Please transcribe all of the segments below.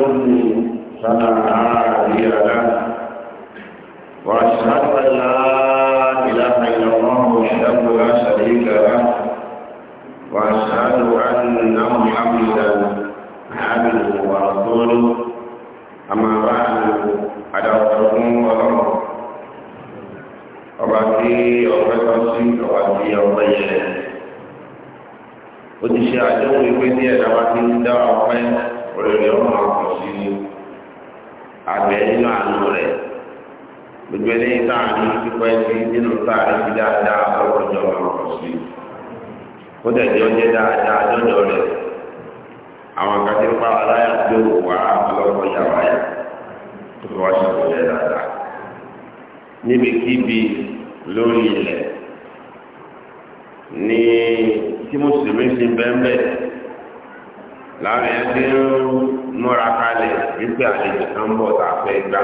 يضل فلا هادي له واشهد ان لا اله الا الله وحده لا شريك له واشهد ان محمدا عبده ورسوله اما بعد على رسول الله ọbàtí ọ̀pẹ́ tọ́sí ọbàtí ọ̀pẹ́ yẹn ó ti ṣe àdéhùn ìwé díẹ̀ náà wá ti ń dá ọpẹ́ orí ọmọ ọkọ̀ sí àgbẹ̀ nínú àánú rẹ̀ gbogbo eléyìí táàrin pípẹ́ sí nínú táàrin fi dáadáa ọlọ́jọ́ ọkọ̀ sí ó dẹ̀jọ́ jẹ́ dáadáa lọ́dọ̀ rẹ̀ àwọn akadé ń pa aláyà tí ó wà ọlọ́kọ̀ yàwáyà tó fi wá ṣètò jẹ́ dáadáa níbikíbi lórí ilẹ̀ ní tí mùsùlùmí ti bẹ́ẹ̀ bẹ́ẹ̀ láàrin èèyàn ti ń múra kalẹ̀ wípé àlejò kan ń bọ̀ tá a fẹ́ gbà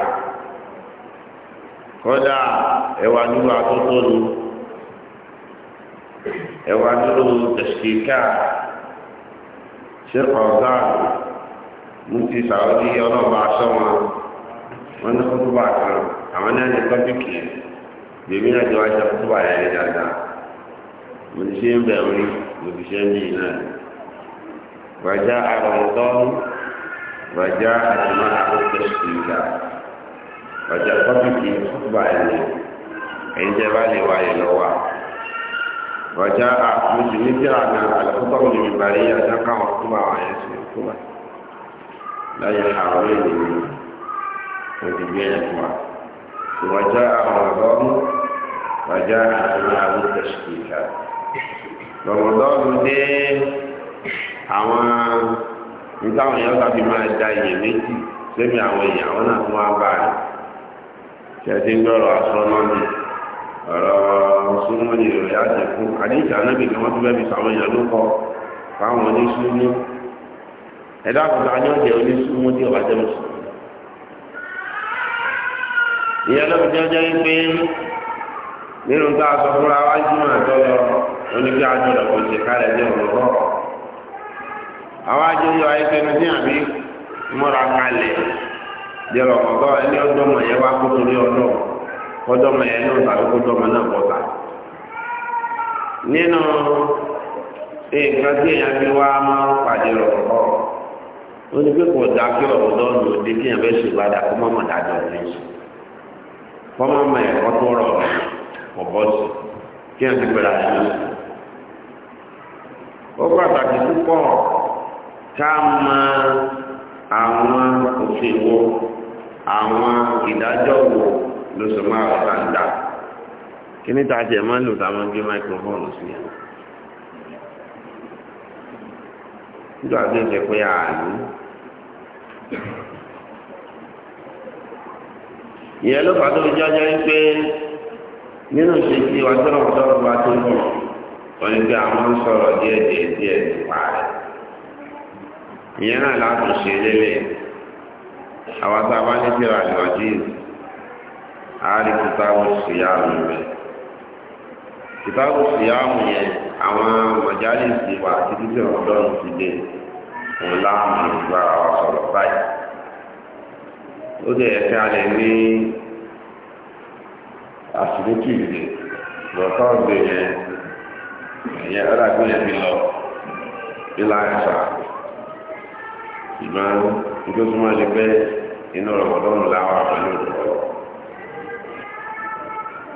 ẹwà dúró atótó ẹwà dúró tẹsíkà ṣèkọ gáàlù mú ti sàwọ́dí ọlọ́ba wọn wọn ní kótóbà kan àwọn náà ní tọ́pìkì bèbí náà ti wá ṣe yẹn dáadáa mo ti ṣe ń وجاء رمضان وجاء معه تشكيلا وجاء قبلك خطبة عني عند بالي واي لوا وجاء مسلم على الخطب المنبرية تقع خطبة ويسير خطبة لا يحاولين وتبينكما وجاء رمضان وجاء معه تشكيلا رمضان ده àwọn nítawọn èèyàn bá máa da ìyẹn méjì lẹ́mi àwọn èèyàn àwọn náà tó máa bá rẹ̀ tí a ti ń gbọ́rọ̀ astronomy ọ̀rọ̀ súnmọ́nì rẹ̀ láti fún àdéhìí ànábì kí wọ́n sàwọn èèyàn ló kọ́ fáwọn ẹ̀dá ni tí ìyẹn pé nínú tá a sọ fúnra wájú máa tọ́ lọ àwọn dị yọ ayékẹ́nu sí àbí múra kalẹ̀ jẹrọ ọgọ ẹni ọdọmọ yẹn wá kó torí ọdọ ọdọmọ yẹn náà tàbí kó dọmọ náà bọta nínú nǹkan tí èèyàn fi wá máa ń pàdé ọkọ ó ní pé dá kí ọ̀rọ̀ òde èèyàn fẹ́ ṣe padà kó dájọ́ kó tó rọ̀ sí kí èèyàn ti pẹ̀lú ó pàtàkì ká mọ àwọn òfin wo àwọn ìdájọ́ wo ló sọ máa wà kí ní jẹ lò táwọn gbé máikrófóònù sí ẹ nígbà tó ń pé ìyẹn ló fà tó fi nínú ìṣesí wa tó lọ́wọ́ tó tó ń ìyẹn náà láti ṣe lélẹ̀ àwọn tá a bá ní bíra ìwọ̀jìz àárí kìtàbù síyáàmù rẹ̀ kìtàbù síyáàmù yẹn àwọn mọ̀jálì sí wa títí tí ti dé òun láàmù ìgbà àwọn sọ̀rọ̀ báyìí ó dẹ̀ ẹ̀ka lè ní àṣírí tìlìdè lọ́tọ́ọ̀dẹ̀ yẹn ẹ̀yẹ ọ̀dà lọ ìgbọ́n nígbà tó máa lè pẹ́ inú ọ̀rọ̀mọdọ́nù láwọn àbálẹ̀ òkùnkọ́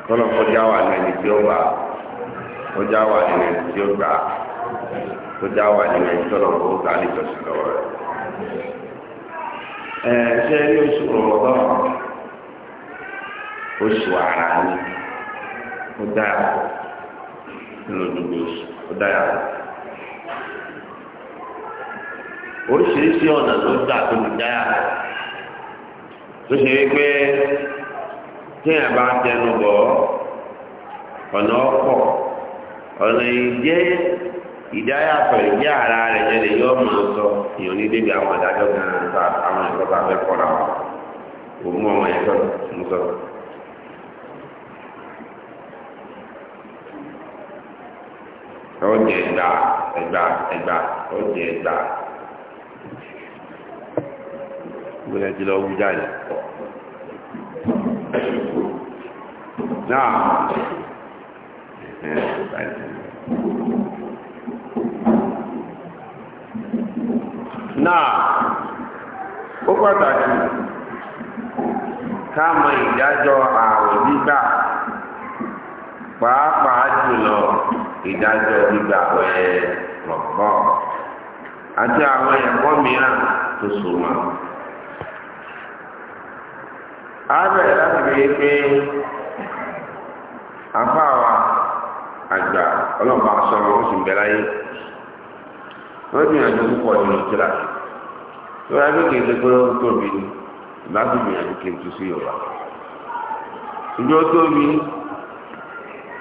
kọ́nà kọjá wà ní ẹni tí ó wà kọjá wà ní ẹni tí ó gbà kọjá wà ní ẹni tí ó lọ́wọ́ ó gbà níjọsìn lọ́wọ́ rẹ̀. ẹ ṣe ní oṣù ọ̀rọ̀mọdọ́nù oṣù ara ni ó dáyà lọ́dún oṣù ó dáyà lọ́dún oríṣiríṣi ọ̀nà ló gbà tó ń dá yà tó ṣe wípé téèyàn bá tẹnu bọ̀ ọ̀nà ọ̀pọ̀ ọ̀nà ìjẹ́ ìdáyà pẹ̀lú jẹ́ ara rẹ̀ jẹ́ lè yọ ọmọ sọ èèyàn ní débi àwọn ìdájọ́ gan-an ta àwọn ẹ̀kọ́ bá fẹ́ kọ́ra wọn òun ọmọ ẹ̀kọ́ mú sọ. ọjọ́ ẹgbàá ẹgbàá ẹgbàá ọjọ́ ẹgbàá. gbọ́dọ̀ ti lọ wú jáde. náà ó pàtàkì ká ìdájọ́ ààrùn pàápàá jùlọ ìdájọ́ gbígbà wẹ́ẹ́ rọ̀gbọ́n àti àwọn ẹ̀kọ́ mìíràn tó so àbẹ̀rẹ̀ láti gbé pé àfa wa àgbà ọlọ́ọ̀bá sọ̀rọ̀ ó sì ń bẹ láyé wọ́n gbìyànjú púpọ̀ nínú kíra tó yà ló kéde pé ó tóbi ni ìbá tó gbìyànjú kí n tu sí yorùbá ìjọ tóbi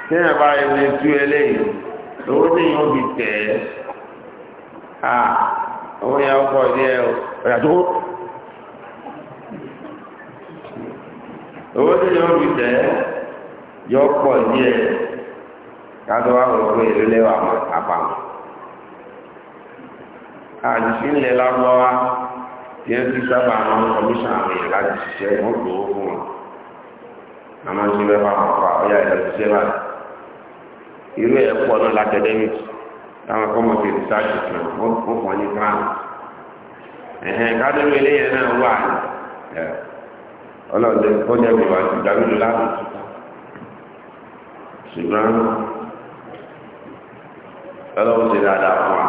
sẹ́yìn bá ẹni tú eléyìí owó níyìn ó fi tẹ̀ ẹ́ owó tó yọ fi tẹ yọ pọ̀ díẹ̀ kátó wà wọ pé èlò lẹwà mọ àpamọ àdìsí ńlẹ tí ẹ ti sábà àwọn kọmíṣán àwọn láti wọn kò ó fún wọn fà ọyà irú ẹ náà táwọn fi kan wọn fọ ní france ẹhẹn ọlọ́dẹ kọjá mi wà ìdámínú láti ṣùgbọ́n ọlọ́run ṣe dáadáa fún wa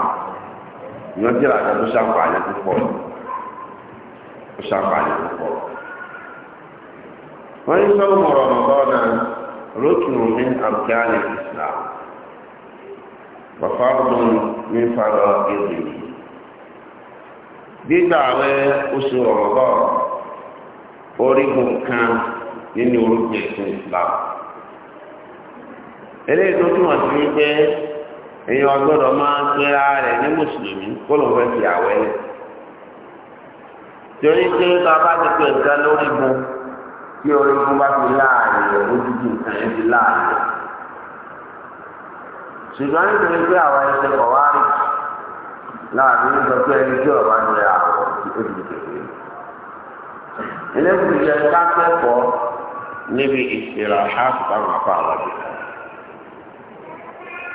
ìwọ́n tí ìlànà tó ṣàǹfààní púpọ̀ tó ṣàǹfààní púpọ̀ wọ́n ní sọ́wọ́ mọ̀rọ̀ mọ̀rọ̀ náà ní afghani islam bàbá ọdún ní farao ìrìn gbígbà rẹ oṣù orígun kan nínú orúkọ ẹ̀sìn Islam eléyìí tó túmọ̀ sí wípé èèyàn gbọ́dọ̀ máa ń pera rẹ̀ ní mùsùlùmí kó ló ń fẹ́ fi àwẹ̀ lẹ̀ torí pé a bá ti pè nǹkan tí orígun bá fi láàrin rẹ̀ nǹkan yẹn fi rẹ̀ ṣùgbọ́n nítorí pé àwọn ẹsẹ̀ kọ̀ wá rí láàrin ìjọ pé ẹni tí ọ̀rọ̀ bá ń ẹlẹ́kùn yẹ kákẹ́kọ̀ọ́ níbi ìṣẹ̀lẹ̀ àṣàkùtà wọn apá àwọn ọ̀dọ́.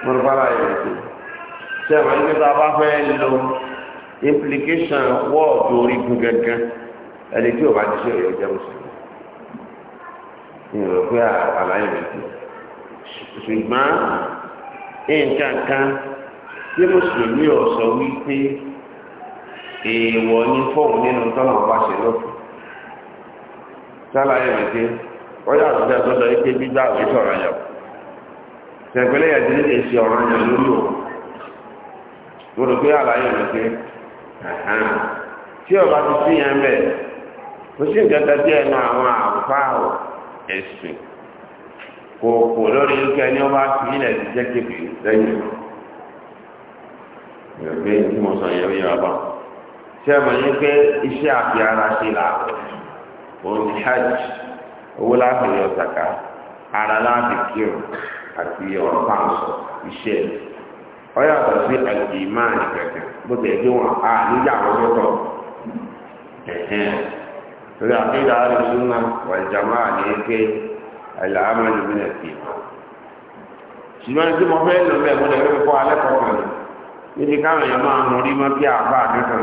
mo rò bára yẹn lè bá fẹ́ lo implication wọ́ọ̀dù orígun gẹ́gẹ́ ẹni tí o bá ti ṣe ẹ̀yọ́ jẹ́ mùsùlùmí. ìrò pé àlàyé mi kù ṣùgbọ́n nǹkan kan tí mùsùlùmí ò sọ wípé èèwọ̀ ni fóun nínú tọ́nà bá ṣe lọ́kùn sálàyé mi pé wọ́n yà sọ́jà tó lọ ike gbígbà òwe sọ̀rọ̀ yẹn tẹ̀pẹ́lẹ́ yẹn ti ní lè ṣe ọ̀rọ̀ yẹn lórí o mo rò pé àlàyé mi pé tí ọba ti sí yẹn bẹ́ẹ̀ kò sí nǹkan kan tí ẹnu àwọn àwòfáà ẹ̀sìn kò kò lórí ike ẹni ọba fi ilẹ̀ ti jẹ́ kébì lẹ́yìn ìrọ̀gbẹ́ tí mo sọ yẹn bí wàá bá ṣé ẹ mọ̀ pé iṣẹ́ àfi ara ṣe làwọn. òun hajj owó láti yọ zaka ara láti kírun àti ọ̀rọ̀ pàǹsọ̀ iṣẹ́ ọyà sí àjì máa ní kẹ̀kẹ́ bó ti ẹjọ́ wọn a níjà àwọn sọ́tọ̀ torí àfihàn àárín súnà eke ala pé àìlàámà ní bínú ẹ̀sìn ìmọ̀ ṣùgbọ́n tí mo fẹ́ lò bẹ́ẹ̀ mo alẹ́ kọ̀ọ̀kan níbi káwọn èèyàn máa ń rí mọ́ àbá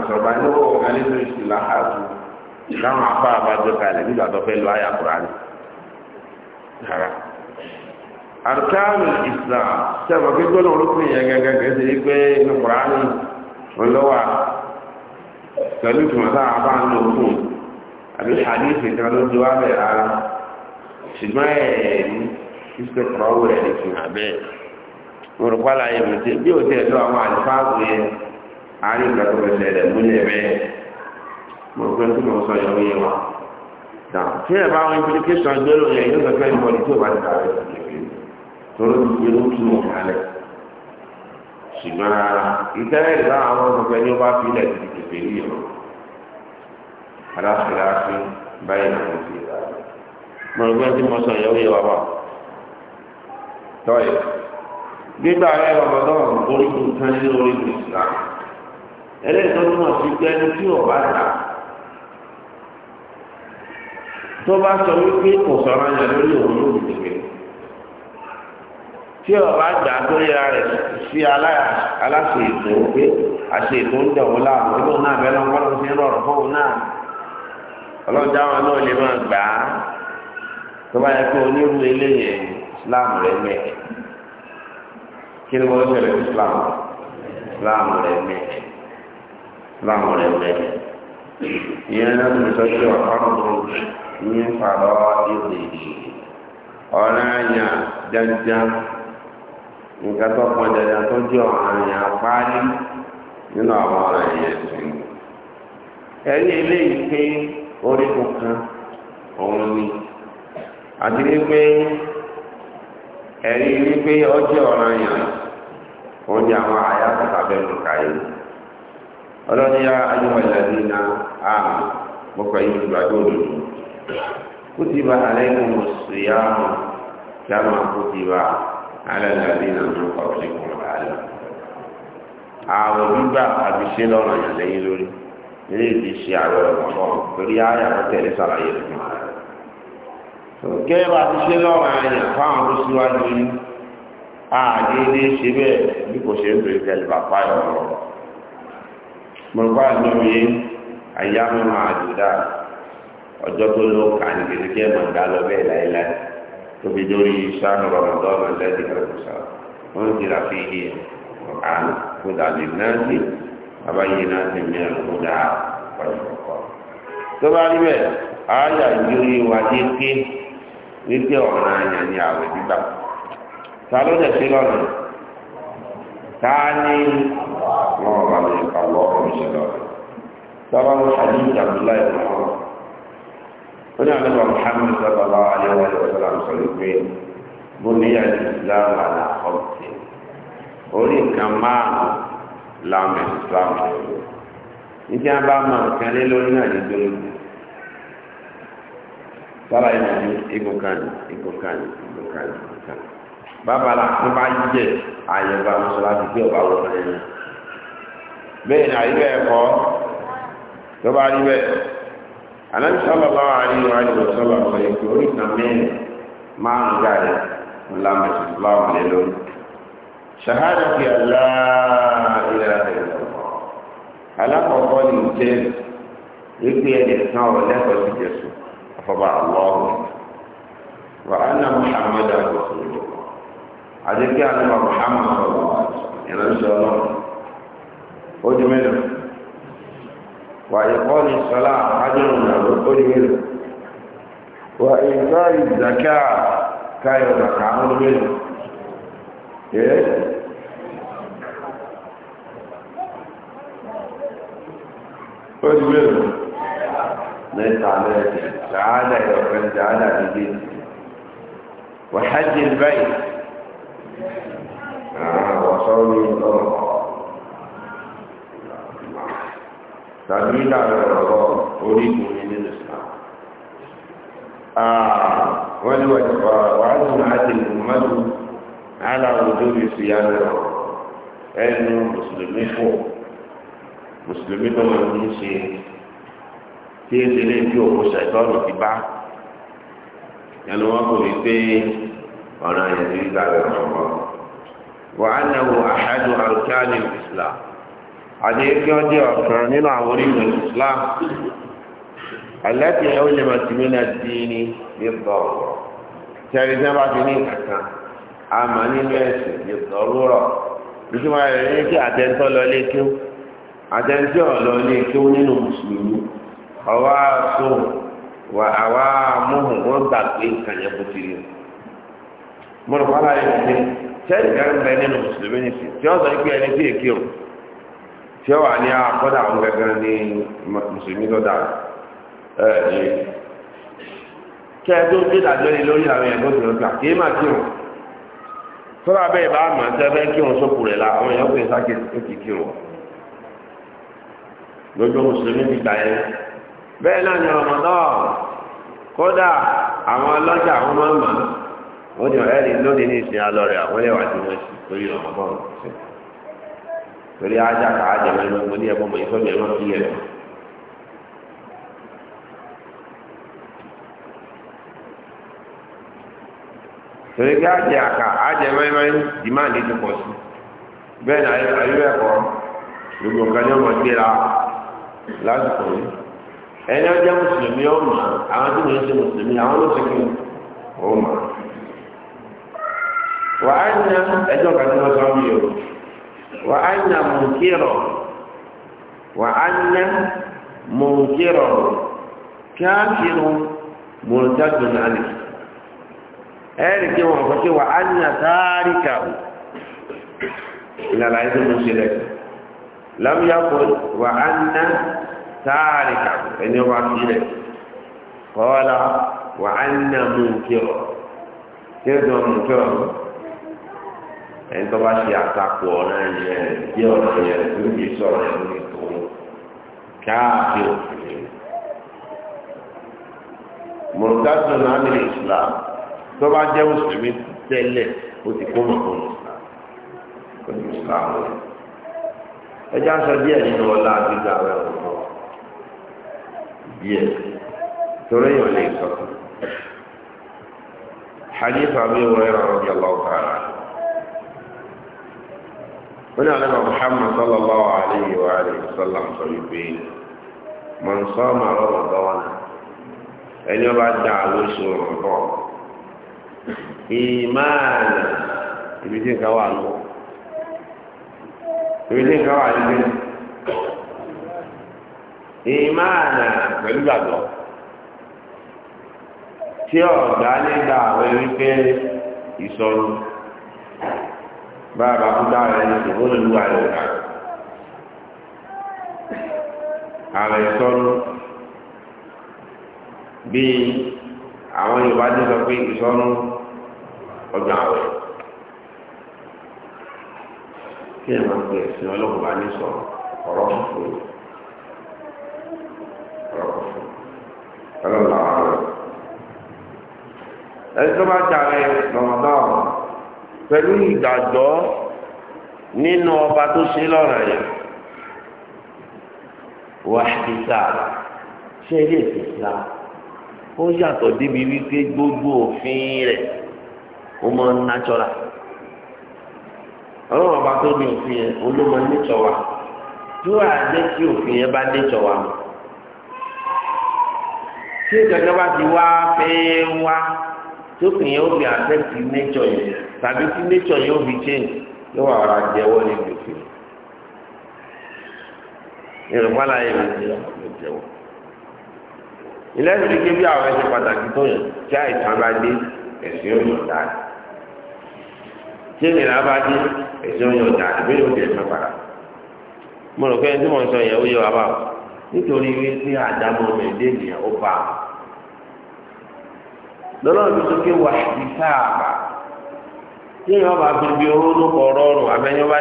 sọ̀rọ̀ bá ọ̀gá láwọn afá àbájọ kalẹ̀ nígbà tó fẹ́ lọ àyà kùránì rárá arkanu islam sẹ́wọ̀n akẹ́kọ̀ọ́ náà olókùn yẹn gẹ́gẹ́ gẹ́gẹ́ sí pé ní kùránì olówà pẹ̀lú ìtumọ̀ sáà bá ń lò àbí hadith kan ló rárá ṣùgbọ́n lè fi hàn bẹ́ẹ̀ mi ti bí òtí ẹ̀ tó àwọn àárín mo rò pé tí mo sọ yọrí yẹn wà. tí ẹ bá wọn implication gbèrò yẹn yóò sọ pé ẹni bọ́ọ̀lì tí ò bá ti dàrẹ́ tóró ti gbé ló tún òun kalẹ̀ ṣùgbọ́n ìtẹ́lẹ̀ ìgbà àwọn ọ̀sọ̀fẹ́ ni ó bá fi ilẹ̀ ti tètè rí yọ̀ aláṣẹ́láṣẹ́ báyìí náà mo fi kan nínú orígun ìsìlámù ẹlẹ́yìn tó túmọ̀ sí pé ẹni tí ò bá dà tó bá sọ wípé kò sọ̀rọ̀ yẹn lórí òun ló dùn mí tí ọba gbà tó yẹra rẹ sí aláṣẹ ètò pé àṣẹ ètò ń dọ̀wọ́ láàbò tó náà bẹ́ẹ̀ lọ́wọ́ lọ́wọ́ sí rọrùn fóun náà ọlọ́jà wọn náà lè máa gbà á tó bá yẹ kó onírú eléyẹn Islam rẹ mẹ́ kí ni wọ́n ṣẹlẹ̀ Islam Islam rẹ mẹ́ Islam rẹ mẹ́ ìyẹn náà ló sọ pé ọ̀pá ọ̀dọ́ من فرائضه ọ̀ranyà ọrụ anya tó pọn dandan tó jẹ́ ọ̀ranyà parí nínú àwọn ọ̀rọ̀ ẹ̀yẹ sìn. ẹ̀rí eléyìí pé orígun kan òun ni àti wípé ẹ̀rí wípé ọjọ́ ọ̀ranyà òun ni àwọn àyà ọlọ́ni yá àmì كتب عليكم الصيام كما كتب على الذين من قبلكم لعلكم àwọn gbígbà àbíṣe lọ́rọ̀ yàn lẹ́yìn lórí ilé ìdí ṣe àwọn ọ̀rọ̀ torí àyà tó tẹ̀lé sàlàyé fún wa. òkè bá ti ṣe lọ́rọ̀ yàn fáwọn tó síwájú yìí àdéédéé ṣe bẹ́ẹ̀ bí kò ṣe ń bèrè tẹ̀lé bàbá ìrọ̀rọ̀. mo bá lóye àyà mi máa dùn dáadáa ọjọ́ tó ló kà ní kìnìkì ẹ̀ máa dá lọ bẹ́ẹ̀ láéláé tó fi dórí sáànù rọmọdọ́ọ̀mù lẹ́dí kẹrẹ̀kùsà wọ́n ti rà fi yé ọ̀hán kódà lè náà sí abáyé náà ti mìíràn kódà ọ̀yọ̀kọ̀. tó bá rí bẹ́ẹ̀ àáyà ìdórí wa dé ké wípé ọ̀nà àyàn ni àwẹ̀ gbígbà ta ló dẹ̀ sí lọ́nà ta ní wọn bá mi kà lọ́ọ̀rọ̀ ọ̀rọ̀ sábà ọ̀rọ̀ onye نبع محمد صلى الله عليه وآله وسلم صليبين بني الإسلام على خمس orí nǹkan márùn-ún láàmì ìsìláàmù níbi a bá mọ nǹkan ama lórí náà ní dúró sára ìlú igun kan ịgụ igun kan ní igun kan ní igun kan bàbá la ń bá jẹ ọba na Ànábì sallallahu alaihi wa alihi wasallam sọ èkó oríta mẹ́rin márùn jáde ńlámẹ̀sì láwọn ilé lórí shahadati la ilaha illallah alákọ̀ọ́kọ́ ní ìjẹ́ ìpè ẹ̀dẹ̀ kan ọ̀ lẹ́kọ̀ọ́ sí jésù afọba àlọ́ọ̀hún wa anna muhammad àgbọ̀sọ̀rọ̀ àdékè àná muhammad sọ̀rọ̀ وإقام الصلاة حجر منه وإيتاء الزكاة كان مكعون منه إيه؟ أجبر ليس عليك تعالى لو كان تعالى بدين وحج البيت آه وصومي رمضان tàbí ìlànà ọ̀rọ̀ orígun nínú islam wọ́n ní wàhálù àti muhammadu aláwùjọ bí fi yára ẹnu mùsùlùmí fò mùsùlùmí tó máa ń ṣe tí ó ṣe lè fi òkú ṣàìtọ́nù ti bá ẹnu wọn kò rí pé ọ̀nà ìyẹn ti gbà rẹ̀ ọ̀rọ̀ wàhálù àhádùn àrùkálì islam àti kí wọ́n jẹ́ ọ̀kan nínú àwọn orígun Islam aláti ẹ̀yọ́ lè máa ti mílẹ̀ dín ní bíbọ̀ tẹ̀lé tí wọ́n bá ti ní kankan àmà nínú ẹ̀sìn bíbọ̀ rúrọ̀ ìtumọ̀ rẹ̀ ní kí àtẹ̀ntọ́ lọ lé kí àtẹ̀ntọ́ lọ lé kí nínú mùsùlùmí ọwọ́ àṣọ wà àwa amóhùn wọn gbà pé nǹkan yẹn bó ti rí mo yẹn ti sẹ́yìn kan tí ó wà ní akọ́dà àwọn gẹ́gẹ́ ní mùsùlùmí lọ́dà ẹ̀ ẹ̀ tó ń gbédàjọ́ ní lórí àwọn èèyàn gbọ́dọ̀ lọ́gbà kí é má kí wọn tọ́lá bẹ́ẹ̀ bá mọ̀ tẹ́ fẹ́ kí wọn sókù rẹ̀ la àwọn èèyàn pè sáké tó kì í kí wọn lójú mùsùlùmí ti gbà yẹn bẹ́ẹ̀ náà ni ọmọ náà kódà àwọn ọlọ́jà àwọn máa ń mọ̀ wọ́n ti ẹ̀rí lónìí ní ìsìn alọ́ torí ajá ká ajá mẹ́rin ọmọ ní ẹ̀bọ̀n mọ̀ ìfẹ́ mi ẹ̀rọ kí ẹ̀rọ. torí kí ajá àká ajá mẹ́rin dìmáàlì ti pọ̀ sí bẹ́ẹ̀ ni ayélujára ẹ̀kọ́ gbogbo nǹkan ní ọmọ gbéra lásìkò yìí ẹni ọjọ́ mùsùlùmí ọmọ àwọn tí wọ́n ṣe mùsùlùmí àwọn ló ṣe kí ọmọ. wàá ní ẹjọ́ kan tí wọ́n sọ mí o. wà á nyà mùkírọ̀ wà á nyà mùkírọ̀ káfíìrù mùtàdùn àlè ẹ̀rì kí wọ́n kọ́ sí wà á nyà tàríkà ìlànà ayé tó ń ṣe lẹ́kọ̀ọ́ lámúyàpọ̀ wà á nyà tàríkà ẹni ọba fi lẹ̀ kọ́ọ́lá wà á nyà mùkírọ̀ kí ẹ dùn mùkírọ̀. ẹni tó bá ṣe àtakò ọ̀rẹ́ yẹn jẹ́ ọ̀rẹ́ yẹn tó ń sọ̀rọ̀ yẹn lórí tòun káàkiri òfin. mọ̀lùdásọ̀ náà ní islam tó bá jẹ́ mùsùlùmí tẹ́lẹ̀ ó ti kó mọ̀ fún islam kò ní islam rẹ̀. ẹjẹ́ aṣọ díẹ̀ nínú ọlá gbígbà rẹ̀ ọ̀tọ̀ díẹ̀ torí èèyàn lè sọ̀tọ̀. حديث أبي هريرة رضي الله تعالى عنه wọ́n ní àlẹ́bà Muhammad sallallahu alayhi wa alayhi wa sallam sọ wípé mọ̀ ń sọ ọmọ àwọn ọ̀dọ́ wọn ẹni ọba dá àwọn oṣù ọ̀rọ̀ ìmáàlà ibi tí nǹkan wà lọ ibi tí nǹkan wà níbi ìmáàlà pẹ̀lú gbàgbọ́ tí ọ̀gá nígbà àwọn wípé ìsọ̀rọ̀ bá a bá kú dá rẹ̀ ní ìdìbò lólu àrẹ òkà àrẹ sọnù bí àwọn Yorùbá ti sọ pé ìsọnù ọjọ́ àwẹ̀ kí ẹ máa gbé ẹ̀sìn ọlọ́run bá ní sọ̀rọ̀ ọ̀rọ̀ fún ọ̀rọ̀ fún ọlọ́run làwọn ọ̀rọ̀ ẹni tó bá jà rẹ̀ lọ́mọdọ́ọ̀rọ̀. pẹ̀lú ìgbàgbọ́ nínú ọba tó ṣe lọ́rọ̀ yẹn wàhálà ṣe ilé ìsìlá ó yàtọ̀ débi wípé gbogbo òfin rẹ̀ ó mọ nátsọ́ra ọlọ́run ọba tó ní òfin yẹn olómọ nítsọ̀ wa tó àjẹ́ tí òfin yẹn bá nítsọ̀ wa mọ̀ tí ìjọba ti wá fẹ́ tókùn yẹn ó fi àtẹ́tì nature yẹn tàbí tí nature yẹn ó fi change yóò wà ara jẹ́wọ́ ní gbèsè ìrìnpálá yẹn ló jẹ́wọ́. ilé ìwé ké bí àwọn ẹsẹ̀ pàtàkì tó yẹn tí àìsàn bá dé ẹ̀sìn òyìn ọ̀dà rẹ̀ tí ìnira bá dé ẹ̀sìn òyìn ọ̀dà rẹ̀ bí yóò di ẹ̀sìn padà. mo rò pé ẹni tí mo ń sọ yẹn ó yẹ nítorí wípé àdámọ́ lọ́nà tó sọ pé wà ní a tí èèyàn bá fi bí owó ló kọ̀ rọrùn nípa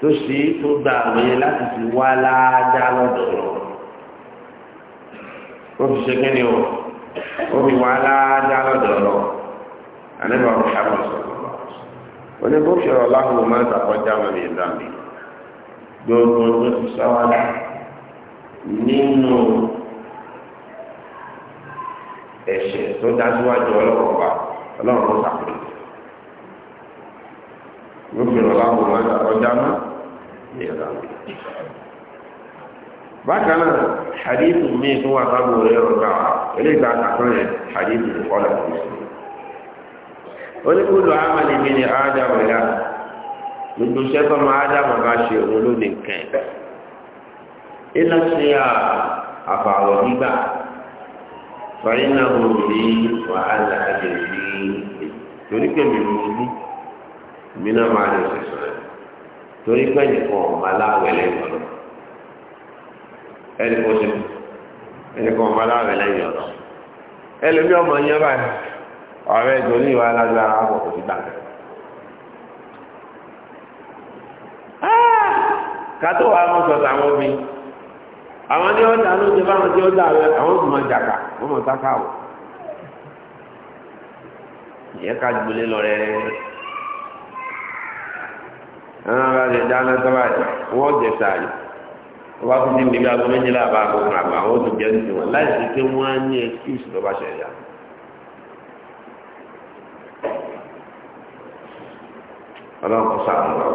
tó sì tó gba àwọn yẹn láti fi wá láàdá lọ́dọ̀ lọ. ó fi ni o ó fi wá láàdá lọ́dọ̀ lọ. sọ̀rọ̀ ọ̀rọ̀ láhùn máa ń wọn ẹ̀ṣẹ̀ tó dájúwájú ọlọ́run ọba ọlọ́run ló sàkóso yóò fi wọn ọjà bákan náà hadithu míì tó wà sábò mi ni ya gbogbo ṣe òun ló ṣe gbígbà fàyínàwó rí wàhálà àjèjì torí pé mi ò ní mi náà máa lè sọ̀sọ̀ rẹ̀ torí pé nìkan ọ̀ma láwẹ̀ lẹ́yìn ọ̀dọ̀ ẹnì kan ṣe ẹnìkan ọ̀ma láwẹ̀ lẹ́yìn ọ̀dọ̀ ẹlòmí ọmọ yẹn báyìí ọ̀rẹ́ ìjọ ní ìwà alágbára wọn kò sí gbà kátó wa mọ̀ sọ̀tà àwọn obìnrin àwọn tí wọ́n dà ló ṣe báwọn tí wọ́n dà rẹ̀ àwọn tó máa jàkà. wọ́n mọ̀ táká wọ̀ ìyẹn ká gbolé lọ rẹ̀ ẹ̀rọ bá lè dáná tó báyìí wọ́n jẹ sáré wọ́n bá tún ti níbi aago méjìlá àbá àbọ̀ fún àbá àwọn tó jẹ́ nínú wọn láì sí pé wọ́n á ní excuse lọ́ba ṣẹ̀yà. ọlọ́run kò sáà lọ.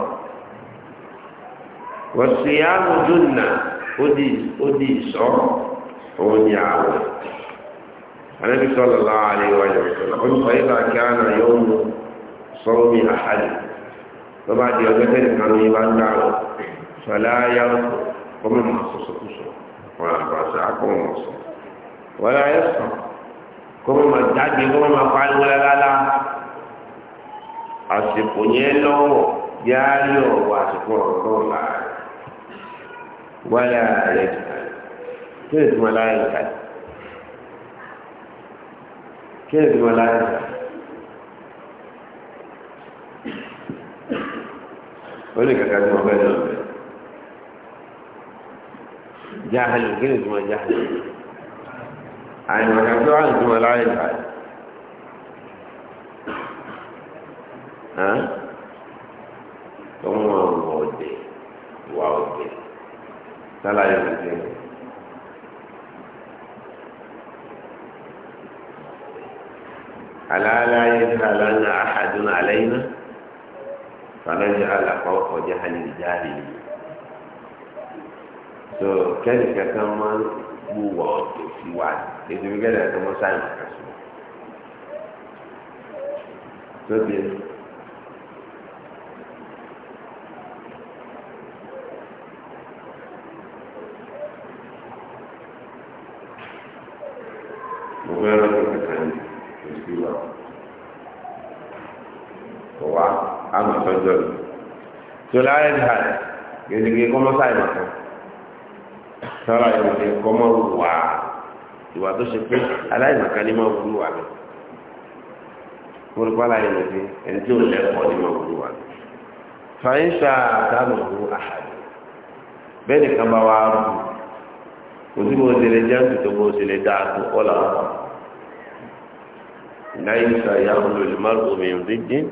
wọ́n ṣe àmójú nà ó di ìsọ́ òun ni àwọ̀. النبي صلى الله عليه وآله وسلم قل فإذا كان يوم صوم أحد فبعد يومين كانوا يبان فلا يرفض ومن مخصص كسر ولا أبرسعكم مخصص ولا يصح كم ما تعدي كم ما فعل ولا لا لا àsìkò yẹn lọ́wọ́ yáárí ọ̀wọ́ àsìkò ọ̀rọ̀ láàrin wálé ààrẹ jù tó ìtumọ̀ láàrin kàdé kí ẹ̀ bí wọn láti. ó ní kàkà tí wọn fẹ́ lọ bẹ̀. jáhálì kí ni tí wọn jáhálì. àyìnbó kan tó wà ní tí wọn láyé ká. ọmọ ọ̀dẹ̀ wà ọ̀dẹ̀ sálàyé ọ̀dẹ̀. ألا لا يجهلن أحد علينا فنجعل فوق جهل الجاهل so kẹ́ni kankan máa ń mú wọ ọ̀tọ̀ sí wa ètò ìgbẹ́lẹ̀ tó mọ́ sáyẹn kàṣù tó bí tòlá ẹ̀ dà gèdègè kọ́mọ́sá ìmọ̀ kan sára ìmọ̀ kan kọ́mọ́ wà ìwà tó ṣe pé aláìmọ̀ kan ní máa burú wà lọ. mo rò pálá ìmọ̀ pé ẹni tí ò lẹ́kọ̀ọ́ ní máa burú wà lọ. fàyínṣà àdánù ọ̀hún àhàdù bẹ́ẹ̀ nìkan bá wà á bù kò sí bó ṣe lè jẹ́ nítorí bó ṣe lè dá a tó ọ̀là ọ̀pá. láyé ìṣàyà olùlùmọ́rù omi ìrìn dín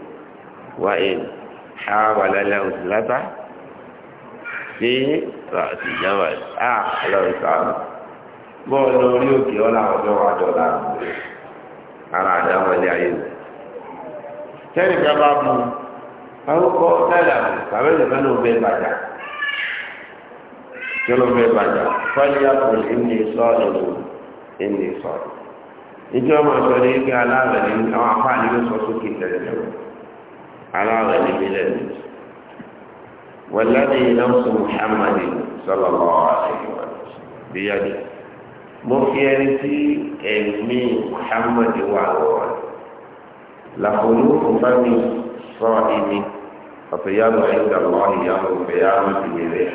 wáyé ah ya he alụa aláwẹ̀ níbi lẹ̀ méjì wọ̀lẹ́ni nọ́ọ̀sì muhammadu sọlọ́lọ́ àṣeyọ̀wọ̀ bíyàdì mo fi ẹni tí ẹ̀mí muhammadu wà lọ́wọ́ làkúlù fúnfẹ́mi sọ ìní ọ̀tọ̀yàwó ẹ̀dá lọ́wọ́ ìyàwó fẹ̀yàwó ìbílẹ̀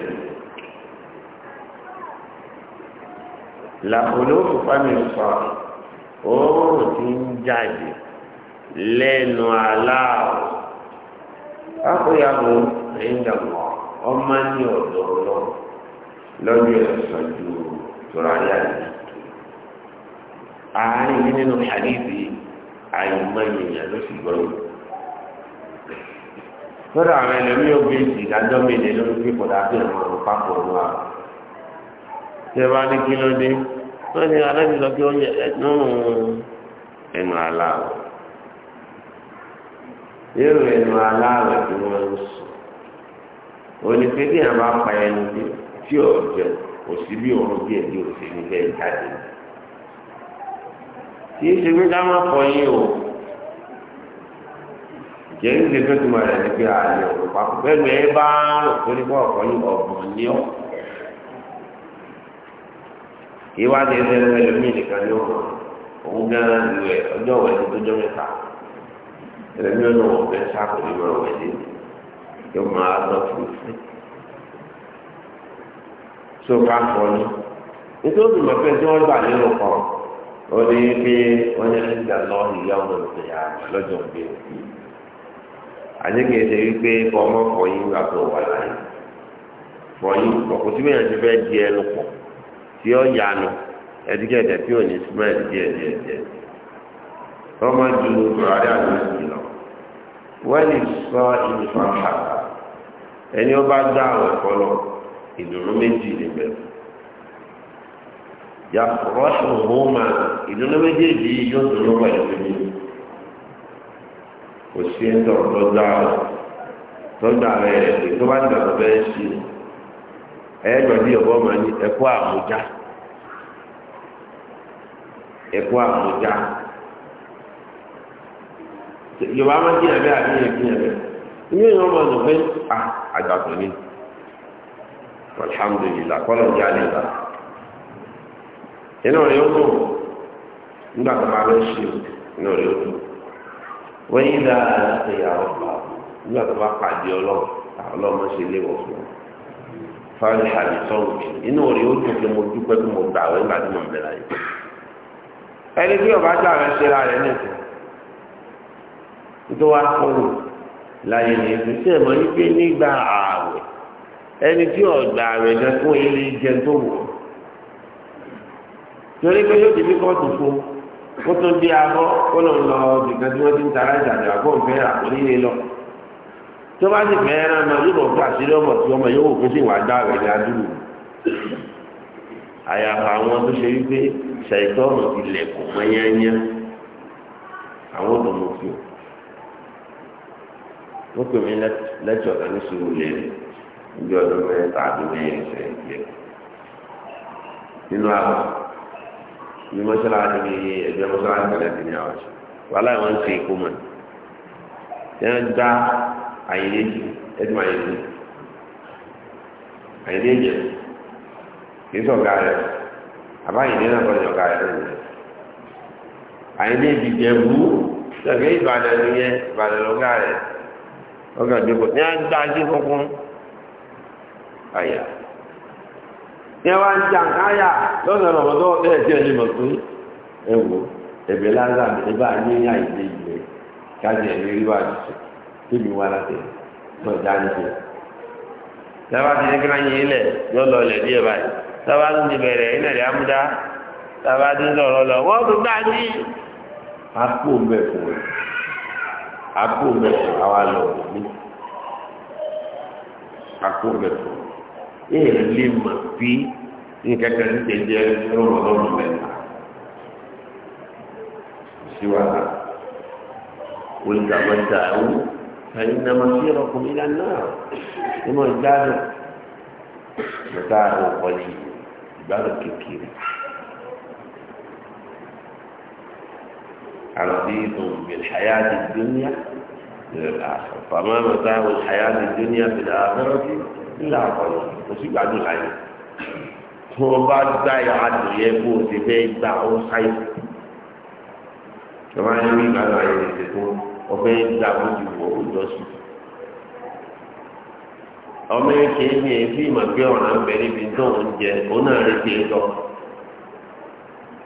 làkúlù fúnfẹ́mi sọ òórùn ti ń jáde lẹ́nu aláàwọ̀ àkóyàwó ẹ̀ńdàmọ̀ ọmọ ní ọ̀dọ̀ lọ lọ́jọ́ ẹ̀sán ju tùràrí àyè. àárín yìí nínú àdìsí àìmọye èèyàn ló sì gbọ́dọ̀. lọ́dọ̀ àwọn ẹlẹ́mí ògbé ìdájọ́ méje lórí pípọ̀ dábẹ́ ìmọ̀ràn pápọ̀ wa. tẹ́ bá ní kí ló dé wọ́n ní aláìsí sọ pé ó yẹ ẹnu ẹnu aláwọ̀ irú ẹnu aláàrẹ tí wọ́n ń sùn onípe bí àwọn apá ẹnu dé tí ò jẹ kò sí bí òun díẹ̀ bí òsè níbẹ̀ jáde kì í ṣe pé ká má fọ yín o jẹ́ ní ṣe fẹ́ tó máa rẹ̀ ní pé àlẹ́ ọ̀rọ̀ papọ̀ bẹ́ẹ̀ ẹ bá rò tó ní kó ọ̀kọ́ ọ̀gbọ̀n ní ọ̀ ìwádìí ẹgbẹ́ ẹlẹ́mìí nìkan ní ọ̀rọ̀ òun gan lu ẹ̀ ọjọ́ ìwẹ̀ tó tó jọ mẹ́ta. e ọ̀nà wọ̀ bẹ́ẹ̀ sáàpù ní ma wọ̀ ẹ̀dẹ́ yóò máa lọ fún un so ká fọ ní nítorí ìmọ̀ pé tí wọ́n gbà nínú kan ó ní pé wọ́n yẹ kí ìgbà lọ ìyá ọmọ ìpè ya lọ́jọ́ gbé àdéhùn ẹ̀ṣẹ̀ wípé ọmọ fọyín wà tó wà láyé fọyín pọ̀ kó tí mìíràn ti fẹ́ di ẹnu pọ̀ tí ó yanu ẹ̀dígẹ̀dẹ̀ tí ò ní smell díẹ̀ wẹ́ẹ̀lì sọ ìlú fàáfà ẹni ó bá dá àwọn ẹ̀kọ́ lọ ìdùnnú méjì níbẹ̀ yàtọ̀ ṣùgbọ́n ìdùnnú méjèèjì yóò dùn lọ́wọ́ ẹ̀kọ́ mi kò sí ẹ̀tọ́ lọ́dọ̀ àwọn tọ́jú àwọn ẹ̀rẹ̀ tó bá dùn àwọn bẹ́ẹ̀ sí ẹ̀ẹ́dọ̀ bí ọ̀bọ máa ní ẹ̀kọ́ àmújá ẹ̀kọ́ àmújá. yorùbá ama ń jìyà bẹ́ẹ̀ àbí yẹn jìyà bẹ́ẹ̀ inú èèyàn máa lò pé à ni alhamdulillah kọ́lọ̀ jẹ́ àlè ìgbà inú rẹ̀ ó nígbà tó máa lọ sí inú rẹ̀ ó dùn wọ́n yí dáa láti yà ọ́ bá nígbà tó bá pàdé ọlọ́run ọlọ́run ṣe léwọ̀ fún ọ fáwọn ìhàlẹ̀ sọ̀rọ̀ mi inú rẹ̀ ó mo dúpẹ́ pé mo gbà wọ́n nígbà tí mo ọba jà tó wá kọrò láyé ní ètò sí ẹ̀mọ́ ní pé nígbà ààwẹ̀ ẹni tí ọ̀gbà rẹ̀ jẹ́ fún ilé jẹ tó wọ̀ torí pé yóò ti fi kọ́ọ̀tù fún kó tó di abọ́ kó lọ lọ nìkan tí wọ́n ti ń tara ìjàdà àbọ̀nfẹ́ àkọlílé lọ tó bá sì fẹ́ ẹran náà yóò bọ̀ fún àṣírí ọmọ tí ọmọ yóò wò fún sí ìwà dá rẹ̀ ní adúlù àyàfà àwọn tó ṣe wípé ṣàìtọ́nù ilẹ̀kùn mọ́yányá àwọn ọ̀dọ́mọ̀fíò wọ́n pè mí lẹ́tọ̀ kan ní sùúrù lẹ́nu níbi ọdún mẹ́rin tàbí mẹ́rin sẹ́yìn jẹ́ nínú àwọn bí mọ́ṣáláṣí ní ẹgbẹ́ mọ́ṣáláṣí kan lẹ́sìn ní àwọn ṣe wàhálà wọn ń ṣe ikú mọ́ ẹ ń dá àyèléjì ẹdùn àyèléjì àyèléjì kì í sọ̀gá rẹ̀ àbáyèlé náà kọ́ ni ọ̀gá rẹ̀ lẹ́yìn àyèléjì jẹ́ bú ṣẹ̀fẹ̀ Ìbàdàn Ìbàdàn lọ́gá rẹ̀. ọgá ìjókòó ní ajá ajé funfun àyà ní wá ń jà káyà lọ́nà ọ̀rọ̀mọ́tọ́ ẹ̀jẹ̀ ní mọ̀ pé ẹ wò ẹ̀bẹ̀ lázà ẹ bá ní ẹ̀mí rí wà jùsọ̀ kébì wà láti mọ̀ já níbi. sábà ti ní kí ilẹ̀ yọ lọ ilẹ̀ díẹ̀ báyìí sábà bẹ̀rẹ̀ ilẹ̀ rẹ̀ sábà sọ̀rọ̀ lọ wọ́n tún ní. akó mẹtò àwa lọ òbí akó mẹtò èyí lè mà bí nkẹkẹ ní tẹjẹ lọrọ lọrọ mẹ́ta síwájú olùdàmọta ẹwù ẹyìn nàmà sí ọkùnrin ìlànà náà nínú ìgbádùn mẹ́ta ọkọ yìí ìgbádùn kékeré. عرضيت بالحياة الدنيا للآخرة فما متاع الحياة الدنيا في الآخرة إلا عطل وسيب عدو العين هو بعد دا يعد يبو سبيل دا أو صيف كما يمين على عين الزيتون وبين دا وجه وجوسي ọmọ ẹkẹ ní ẹbí ìmọ̀ pé ọ̀nà ń bẹ níbi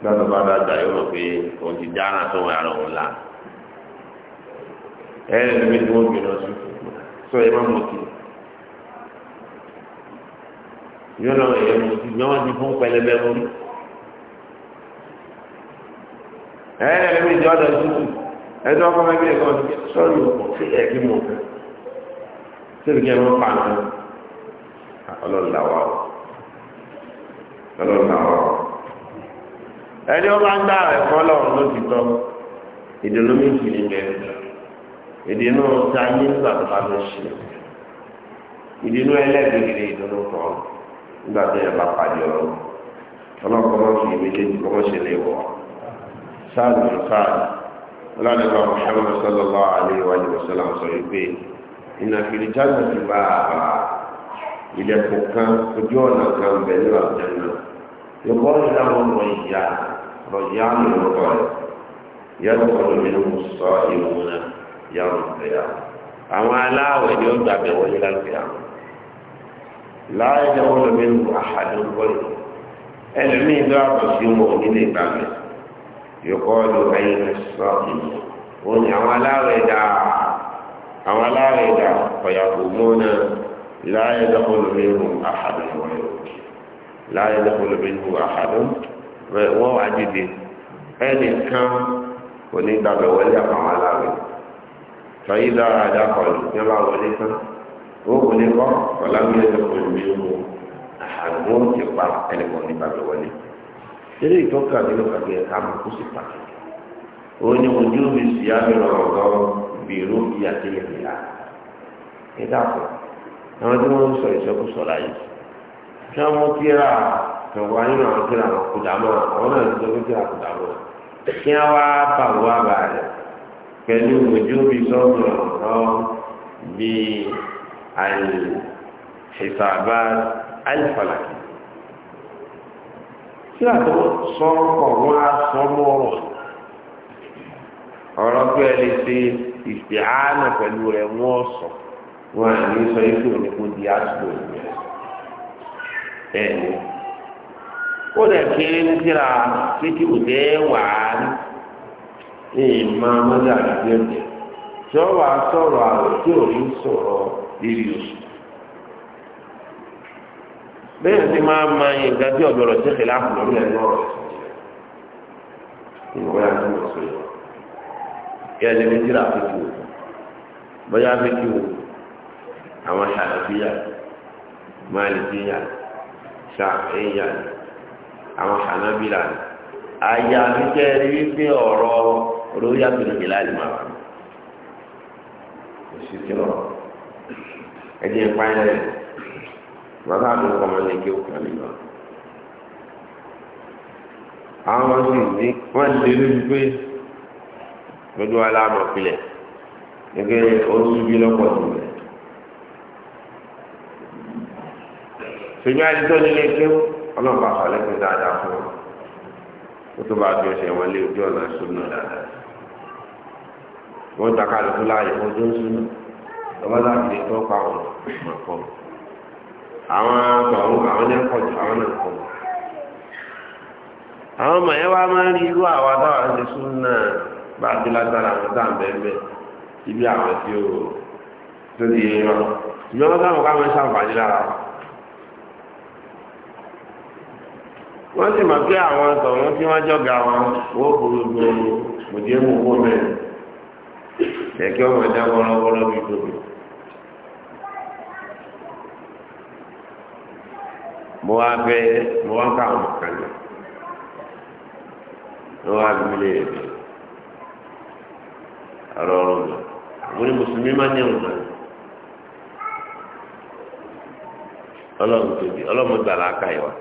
sọ́dọ̀ bá dàgbà yóò rò pé òun ti dáná tó wà lọ òun la ẹ ẹ lómi tí wọ́n gbé lọ sí sọ ẹ má mọ̀ kí yóò lọ ẹ mọ̀ kí yóò wọ́n ti fún pẹlẹbẹ mórí ẹ ẹ lómi tí wọ́n lọ sí ẹ tí wọ́n kọ́ mẹ́gbẹ́ kan sọ́ọ̀rì ọ̀pọ̀ sí ẹ̀ kí mọ̀ fẹ́ síbi kí ẹ mọ̀ pa àwọn ọlọ́ọ̀lá wa ọlọ́ọ̀lá wa ẹni ọba ń dá rẹ̀ fọ́ lọ́run ló ti tọ́ ìdùnnú méjì ní bẹ́ẹ̀ ìdùnnú ta ní nígbà tó bá lọ sí ìdùnnú ẹlẹ́gbẹ̀rẹ̀ ìdùnnú kan nígbà tó yẹ bá pàdé ọ̀rọ̀ ọlọ́kọ́ máa fi méjèèjì kọ́kọ́ ṣe lè wọ̀ sáàlù ní sáàlù ọlọ́dẹ̀kọ́ Muhammad sallallahu alaihi wa sallam sọ wípé ìnà fìdíjáde ti bá ilẹ̀kùn kan ojú ọ̀nà kan bẹ̀ nígbà tó yẹ náà yóò bọ́ ìyá رجعان الرقاية يدخل منهم الصائمون يوم القيامة àwọn aláwẹ̀ ni ó gbàgbé wọlé láti àwọn láàyè wọn lè mú àhàdé wọlé ẹlẹ́mí ìlú àbọ̀sí wọn nílé gbàgbé yòókọ́ ọdún ẹyin sọ ìlú wọn ni àwọn aláwẹ̀ dá àwọn aláwẹ̀ dá ọ̀yàwó mọ́nà láàyè wọn lè mú àhàdé wọlé láàyè wọn lè mú àhàdé wọlé. wọ́n wá dìde ẹnìkan kò ní gbàgbẹ́ wọlé àpamọ́ aláwẹ̀ sọyí dára àdàkọ̀lù ní ọba wọlé tán wọ́n kò ní kọ́ ọ̀làwìn ẹ̀sẹ̀ kò ni ojú mi àtọ̀wá nínú àwọn tí ra àwọn kùdà mọ́ àwọn náà tó tó tí ra kùdà mọ́ kí wọ́n wá bà wá bà rẹ̀ pẹ̀lú ojú bíi sọ́ọ̀tù ọ̀rọ̀ bíi àyè àìfàlàkì. tí àtọ̀ sọ ọkọ̀ wọn á sọ mọ́ ọ̀rọ̀ ọ̀rọ̀ pé ẹ lè ṣe ìpè àánà pẹ̀lú rẹ̀ wọ́n sọ wọn à ní sọ ikú òní kó di àsìkò ìgbẹ́ ẹ̀ ní. ó lè kéré ní síra títí òde wà á ní ìmọ̀ ọmọdé àdúgbò ẹ̀jẹ̀ tí ó iri sọ̀rọ̀ àrò tí ò ní sọ̀rọ̀ oṣù. bẹ́ẹ̀ ni máa ma nǹkan tí ọ̀dọ́ rẹ̀ ṣẹ̀ṣẹ̀ láàpù lọ́rùn ẹ̀ lọ́rọ̀ ìwé àti ìwọ̀sọ̀ yìí ẹni ní síra àwọn hànábìlà ni àyà àfikẹ́ rí wípé ọ̀rọ̀ olórí àtúnṣe láì máa wà oṣù tí wọn ẹni ẹ̀ pààyàn rẹ̀ bàbá mi kọ́ ọmọ lẹ́kẹ́ òkú àlejò àwọn ọmọ sì ní wọ́n lè rí wípé lójú wa láàmú ọ̀pìlẹ̀ gẹ́gẹ́ olórí bí lọ́pọ̀ tó rẹ̀. ṣèjọ́ àdìsọ́ nílé kéwọ́ ọlọ́run bá falẹ̀ fún dáadáa fún wọn ó tó bá bí ọ̀sẹ̀ wọn lé ojú ọ̀nà súnmọ́ dáadáa wọ́n dáká lóko láàyè fún ojú súnmọ́ ọba láti lè tọ́ pa wọn mọ̀ kọ́ àwọn tọ̀hún àwọn náà kọ̀ jù àwọn náà kọ̀ àwọn ọmọ yẹn wá máa ń rí irú àwọn adáwà ń ṣe súnmọ́ bá a ti lágbára àwọn tá bẹ́ẹ̀ ibi àwọn tí ó tó di yẹn wọn ìgbọ́n táwọn ká máa ń lára wọn. wọ́n sì mọ̀ pé àwọn tọ̀hún tí wọ́n jọ̀gà wọn wọ́n gbogbo mòdìẹ́mù kó bẹ̀rẹ̀ lẹ́kẹ́ ọmọ ẹ̀dá wọ́rọ́wọ́rọ́ bí tóbi. mo wá bẹ mo wá ká àwọn wá ọ̀rọ̀ ọ̀rọ̀ mi ní mùsùlùmí ní ọlọ́run tóbi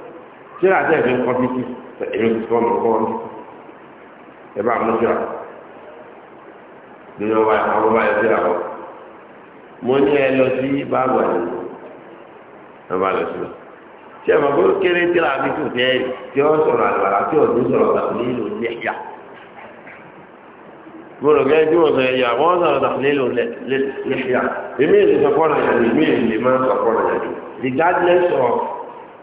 tíra tẹ́ ẹ̀fẹ́ kọ́ bí sí èmi ti fọ́ ọmọ kọ́ ọ́n ẹ bá mú tíra nínú ọba àwọn ọba ẹ tíra wọ mo ní ẹ lọ sí báàbù àyẹ̀wò ẹ bá lọ sí lọ tí ẹ máa gbọ́dọ̀ kéré tíra mi tó tẹ́ tí ó sọ̀rọ̀ àlùbàlà tí ó ní sọ̀rọ̀ tàbí nílò ní ẹ̀yà mo rò gẹ́gẹ́ tí wọ́n sọ ẹ̀yà wọ́n sọ̀rọ̀ tàbí ní ìlú sọ̀kọ́ nàyà ni regardless of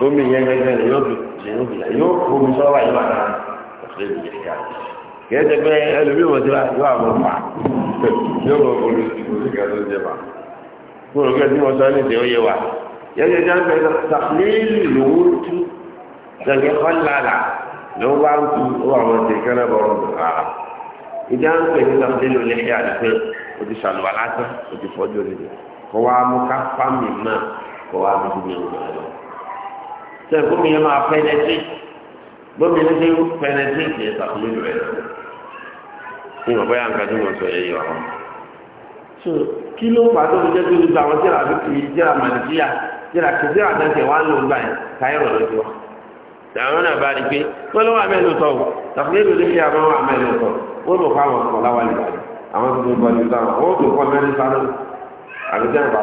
lómi yẹn gẹ́gẹ́ ni yóò fi yóò fi yóò fomi sọ́wọ́ yóò àná ọ̀sẹ̀ mi yẹn ká kìí ṣe pé ẹlòmí wọn ti wá yóò àwọn fà yóò lọ fomi sí ká tó jẹ fà kó lókè tí mo sọ ní ìdè oyè wa yẹn gẹ́gẹ́ ń bẹ sàkílì lówó tú gẹ́gẹ́ kọlàlà ló bá ń tu ó àwọn ti kẹrẹ bọ ọmọ àrà ìdá ń pè ní sàkílì olè yà ni pé o ti sàlùwà lásán o ti fọjú olè kọ wa mú ká fámì náà kọ wa mú kí ni o gbà lọ tẹ gómi yẹn máa pẹnẹtì gómi yẹn ti pẹnẹtì yẹn sàkómi rẹ ní ìwọ̀n bóyá nǹkan tí mo sọ yẹ yọ wọn. so kí ló fà á tó fi jẹ́ pé gbogbo àwọn tíra bíi tíra màlìkíyà tíra kìtíra tẹ̀sẹ̀ wà ló gbà yẹn káyọ̀rọ̀ ló ti wá. àwọn náà bá rí i pé wọ́n ló wà mẹ́lò tọ̀ o sàkómi rẹ ló fi àwọn wà mẹ́lò tọ̀ wọ́n tó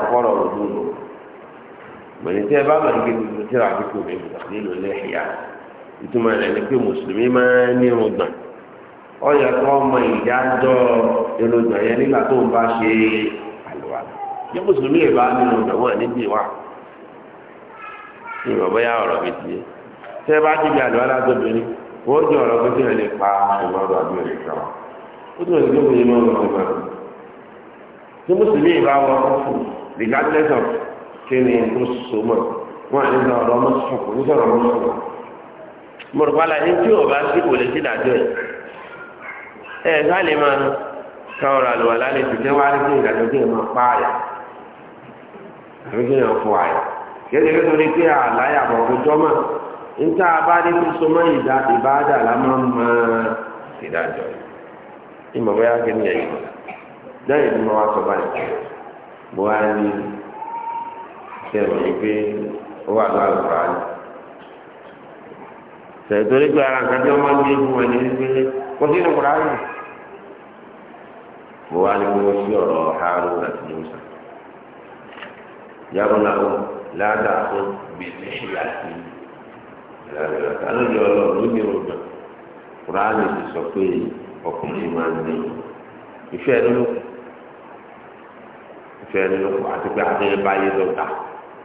kọ́ mọ̀lẹ́ tẹ́ bá máa ń gbé gbogbo tíra àdínkù rẹ̀ ìgbàgbé ló lé ẹ̀yà ìtumọ̀ rẹ̀ ni pé mùsùlùmí máa ń ní irun gbọ̀n ya yẹ kó ọmọ ìdájọ́ irun gbọ̀n ya nígbà tó ń bá ṣe àlùwà ní mùsùlùmí yẹn bá nínú gbọ̀n wọn níbi wà Kini ni tó so mọ̀ wọn àti sọ̀rọ̀ ọ̀rọ̀ mọ́sùkù ní sọ̀rọ̀ mọ́sùkù mọ̀rùpàlà ní tí ò bá sí kò lè sí ìdájọ́ ẹ̀ ẹ̀ ká lè máa ka ọ̀rọ̀ àlùwà lálẹ́ tó tẹ́ wá rí kí ìdájọ́ kí ẹ máa pa àyà àbí kí ẹ fọ àyà kí ẹ ní pé àlàyé àbọ̀kú jọ́mọ̀ níta bá rí tó so mọ́ ìdá ìbáàdà la máa ń mọ ìdájọ́ ìmọ̀ bóyá kí ni ẹ̀yìn lẹ́yìn tí mo wá sọ báyìí mo sẹ́wọ̀n yìí pé ó wà láàrú fàájì. sẹ̀tọ́rí pé ara nǹkan tí wọ́n máa ń gbé fún wọn wípé kó sínú kùráàlì. mo wá ní wọ́n sí ọ̀rọ̀ Harun àti Musa. yàgò náà ládàá fún bèbè àti ìlànà àtàlóyè ọlọ́run ló ní ọgbà kùráàlì ti sọ pé ọkùnrin máa ń ní ìfẹ́ nínú ìfẹ́ nínú àti pé àtẹ̀yẹ báyé lọ́gbà.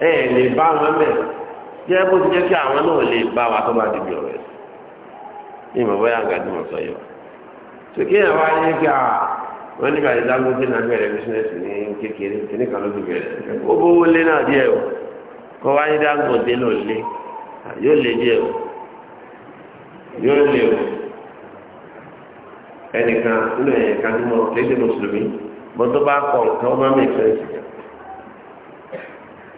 ẹ lè bá wọn bẹ̀ jẹ́ bó ti jẹ́ kí àwọn náà lè bá wa tó bá dìbò rẹ̀ ní ìmọ̀ bóyá àgbà dùn ọ̀sọ̀ yọ. sókè yẹn wá ní kí a wọ́n nígbà tí Dangote náà bẹ̀rẹ̀ bísíǹnẹ́sì ní kékeré kíní kan ló ti bẹ̀rẹ̀ ó bówó lé náà díẹ̀ o Dangote náà lé yóò lé díẹ̀ o yóò lé o ẹnìkan nínú kan tí mo kéde mùsùlùmí mo tó bá kọ̀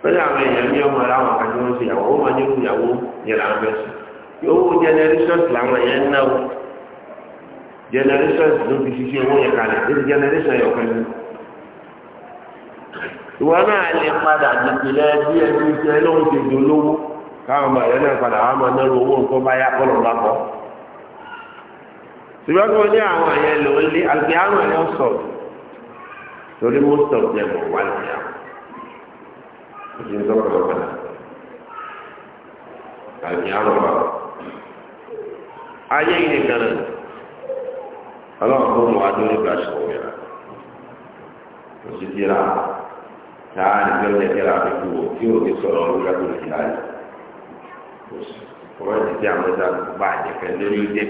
lọ́jọ́ àwọn èèyàn ní ọmọ ara wọn àti wọn ṣe ìyàwó wọn máa ní irú ìyàwó yẹn là ń bẹ sùn owó generations làwọn èèyàn ń náwó generations ló fi ṣiṣẹ́ owó yẹn kalẹ̀ èyí generation yẹn ọ̀kan ní. ìwọ náà lè padà dìpìlẹ̀ bí ẹni iṣẹ́ lóhùn ti dolówó káwọn ọmọ rẹ náà padà wàá máa náwó owó nǹkan bá yá kọ́ lọ́ba kọ́. ṣùgbọ́n ní àwọn èèyàn lò àgbẹ̀ àwọn èèyàn sọ̀rọ̀ torí most of them wà lóyún àwọn ní tọ́pọ̀lọpọ̀ náà àti àrọ̀bà ayé yìí nìkan náà ọlọ́run tó mú adó nígbà ṣòwò yàrá kò sí tíra táà ní tí ó jẹ́ tíra àbíkú wò tí ò ní sọ̀rọ̀ lórí àgbègbè tíra yìí kò sí ọmọ ìdí tí àwọn ọjà bá àjẹfẹ́ lórí ìdè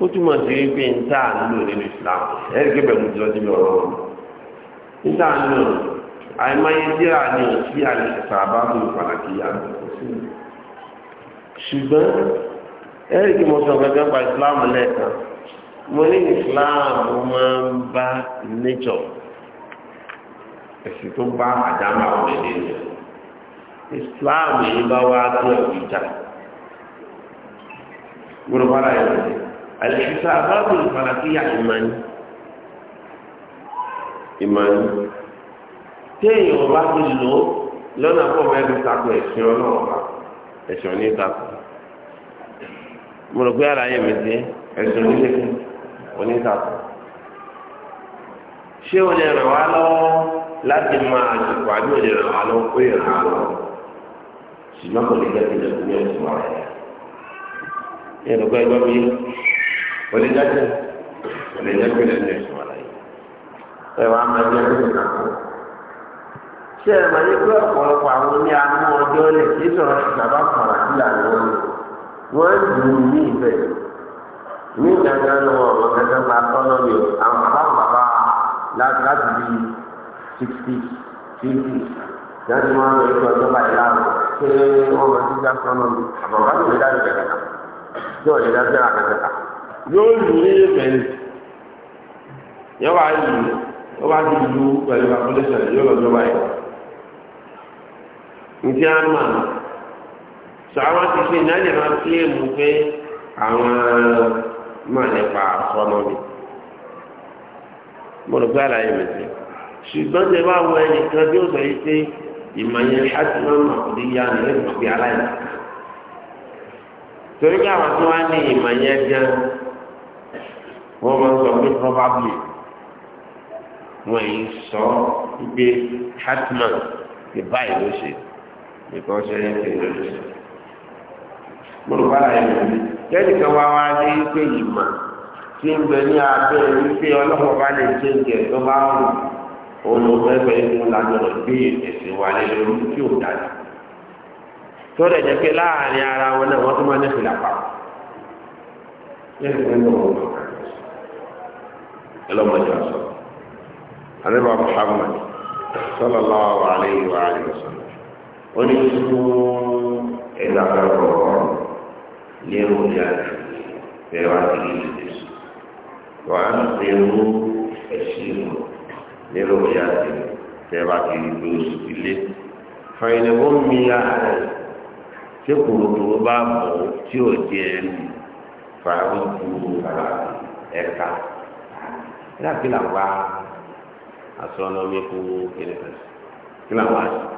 ó túmọ̀ sí wípé ń tà ń nínú ìsìlámù ẹ̀rí kébẹ̀ mú ti àìmọye díẹ̀ àní òkí àìsẹ̀sà àbámu ìfàlàkìyà ṣùgbọ́n ẹ́rìkì mo gẹ́gẹ́ pa ìsìláàmù lẹ́ẹ̀kan mo ní ìsìláàmù máa ń bá nature ẹ̀sìn tó bá àdámà ọ̀rẹ́dẹ́ rẹ̀ ìsìláàmù yìí bá wá tó ẹ̀wù gbọ́dọ̀ bára ẹ̀ lọ́dẹ̀ àìsẹ̀sà àbámu ìfàlàkìyà ìmọ̀ ni ìmọ̀ téèyàn bá ti lò ó lọ́nà pọ̀ mẹ́rin takò ẹ̀sìn ọlọ́ọ̀ba ẹ̀sìn òní takò mo rò pé mi ẹ̀sìn onílé òní takò ṣé o lè ràn wá lọ́wọ́ láti máa àsìkò àbí o lè ràn wá lọ́wọ́ pé wá lọ́wọ́ ṣùgbọ́n kò lè jẹ́ kí lè fún ẹ̀sìn pé ẹgbẹ́ mi lè jẹ́ kí lè fún ẹ̀sìn wá ṣé ẹ mọ̀ ní ọ̀pọ̀lọpọ̀ àwọn ní amú ọjọ́ lẹ̀ kí sọ̀rọ̀ bàbá kọ̀ọ̀rọ̀ sí ìlànà wọn dùn ún ní ibẹ̀ ní ìdájọ́ ni wọn ọ̀rọ̀ kẹsàn máa tọ́ lọ́wọ́ àwọn bàbá bàbá láti bí sixty fifty láti máa lọ ikú ọjọ́ báyìí láàrú pé wọ́n máa ti dá sọ́nà mi àbàbá mi dá ìbẹ̀ kẹta tí ò dá sẹ́ra kẹta yóò lù ní ibẹ̀ yóò wá lù yóò wá lù pẹ̀lú abúlé yóò lọ́jọ́ báyìí ntí a mà sàwọn ti fi náà lè máa kílèmù pé àwọn máa nípa sọnà mi mo rò pé àlàyé mi ti ṣùgbọ́n tẹ bá wọ ẹnìkan bí ó sọ yìí pé ìmọ̀ yẹn láti máa mà kò ní yá ni lẹ́yìn mọ̀ pé aláìní. torí pé àwọn tó wá ní ìmọ̀ gan wọ́n máa sọ pé probably wọ́n yìí sọ pé hatman ti báyìí ló ṣe because anything goes. mo rò wá láyé mi kẹ́nìkan wá wá dé pé ìmọ̀ tí ń bẹ ní abẹ́ wípé ọlọ́mọ bá lè ṣe ń jẹ tó bá wù olùfẹ́fẹ́ inú lágbọ̀dọ̀ gbé ẹ̀sìn wa lé lórí tí ò dájú tó lè jẹ́ pé láàrin ara wọn náà wọ́n tún máa ní fìlà pa ẹlọ́mọdé ọ̀sán àdébà Muhammad sallallahu alayhi wa alihi wa sallam oníṣòwò ẹgbẹ́ àkọ́kọ́ ọ̀rọ̀ lérò ní àjò bẹ́ẹ̀ wá sí ilé ìdèsù wà á lérò ẹ̀sìn ìmọ̀ lérò ní àjò bẹ́ẹ̀ wá sí ilé oṣù ilé fàyẹ̀lẹ̀wò mi ààrẹ tí kòròdò bá bọ̀ tí ò jẹ́ ẹnu fàáwọ́ ju ẹ̀ka ẹ̀ka kí làwọn astronomy kú kí ni kí làwọn àṣà.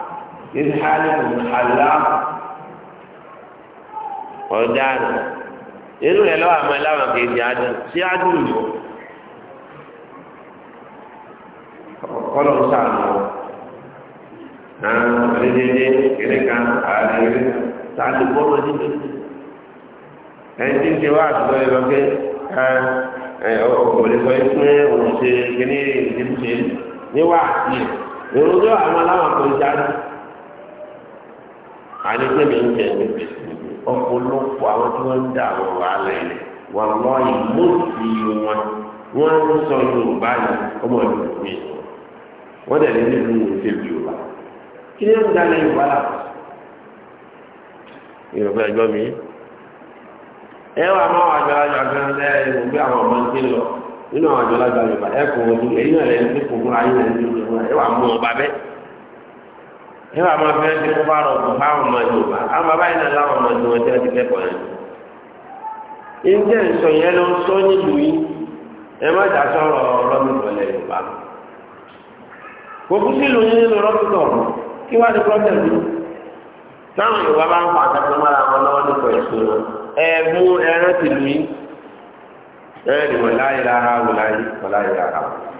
ìhálẹ̀ ìhàlá ọ̀daràn irú ẹ̀ lọ́wọ́ àmọ́ ẹláwọn kejì adùn sí adùn lò kọ́lọ̀ ń sàmù àwọn ọ̀rẹ́dẹ́dẹ́ kéré kan ààrẹ tààdì bọ́ọ̀lù níbi ẹni tí ń ṣe wá àtúntò ẹ̀ lọ́kẹ́ ọ̀pọ̀lọpọ̀ sọ pé òun ṣe kíní ìdíbùṣe níwá àti èròjọ́ àwọn aláwọ̀ kọjá náà. àníjẹ́mi ń jẹ ọ̀pọ̀lọpọ̀ àwọn tí wọ́n ń dà wọ́n wà lẹ́yìn wọ́n lọ́ wọn wọ́n ń sọ yorùbá yìí ọmọ ìlú mi wọ́n dẹ̀ lé nínú ìṣèlú yorùbá kí ni ó ń dalẹ̀ yorùbá là yorùbá mi ẹ wà wà ẹ àwọn ọmọ lọ nígbà máa fi ẹsẹ̀ kó bá rọ ọdún fáwọn ọmọ Yorùbá àwọn bàbá yìí náà láwọn ọmọ Yorùbá tí wọn ti kẹ́kọ̀ọ́ yẹn. ìjẹ́ ìsọ yẹn ló ń sọ nílùú yìí ẹ má dà sọ̀rọ̀ Yorùbá. sí ìlú yín nínú kí wàá táwọn Yorùbá bá ń pa mọ́ra lọ́wọ́ nípa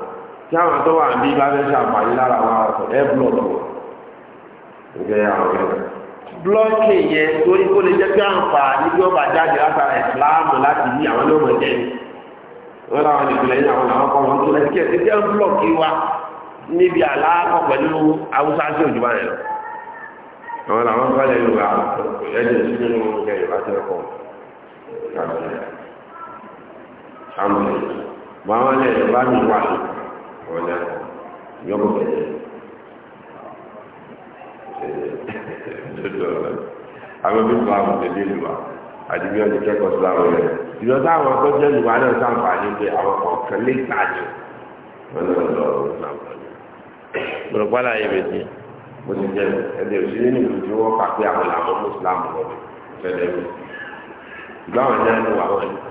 tí àwọn tó wà bí bá fẹ́ ṣàǹfààní lára wa ọ̀tọ̀ ẹ búlọ̀kì ìgbẹ́ àwọn ẹ̀ búlọ̀kì yẹn torí kó lè jẹ́ pé àǹfààní bí wọ́n bá jáde látara ìsìláàmù láti bí àwọn ní ọmọ jẹ́ wọ́n láwọn ìpìlẹ̀ yìí àwọn àwọn kọ́ wọn tó lẹ́sí kí ẹ̀ búlọ̀kì wa níbi àlàkọ̀ pẹ̀lú haúsá sí òjò báyìí lọ àwọn làwọn bá lè lò àwọn ẹ̀jẹ̀ sínú ọ̀gá ìwà tí wọ́n kọ́ wọn. àwọn ẹ̀jẹ̀ bá mi wà lọ́wọ́ ọ̀nà yọ̀bù bẹ̀rẹ̀ àwọn bí fún àwọn tẹ̀lé ìlú wa àdìbí ọdún kẹ́kọ̀ọ́ sí àwọn rẹ̀ ìlú ọdún àwọn tó jẹ́ ìlú wa náà sàǹfààní pé àwọn kọ̀ọ̀kan lè tààjù wọn náà lọ sàǹfààní. gbọ̀dọ̀gbọ́ àlàyé rẹ̀ ti mo ti jẹ́ ẹ̀dẹ̀ òṣèré ní ìlú tí wọ́n kà pé àwọn làwọn mùsùlùmí lọ́dún fẹ́lẹ́ mi. ìgbà wọn náà ló wà wọ́n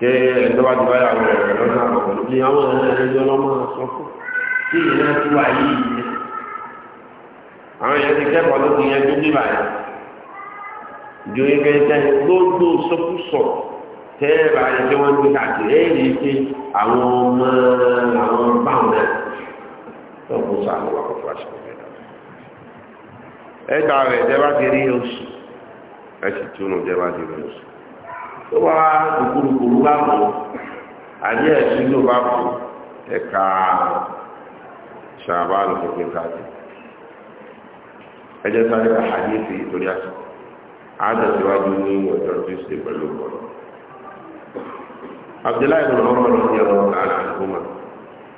kẹ ẹjọba ti bá yàwó rẹ lọ́nà àbọ̀wọ̀ ní àwọn ẹjọ́ lọ́mọ sọ fún kí ìyẹn ti wà yìí yìí àwọn èèyàn ti kẹ́kọ̀ọ́ ló ti yanjú bí báyìí ju ike tẹ́yìn gbogbo sọkúsọ tẹ́ẹ̀ báyìí tí wọ́n gbé káàkiri rẹ̀ jẹ́ bá ti rí oṣù ẹ̀ sì túnú jẹ́ bá ti rí oṣù tó wá kùkùrùkùrù bá kù àbí ẹ̀sùn ló bá kù ẹ̀ka ṣàbá lọ́kọ̀ọ́kẹ́ káàdì ẹjẹ́ sáré àhàdí ti torí àṣà àádọ́síwájú ní ọjọ́ tuesday pẹ̀lú ọ̀rọ̀ abdullahi bin umar rọ̀bì ọ̀rọ̀ tààlà àdúgbò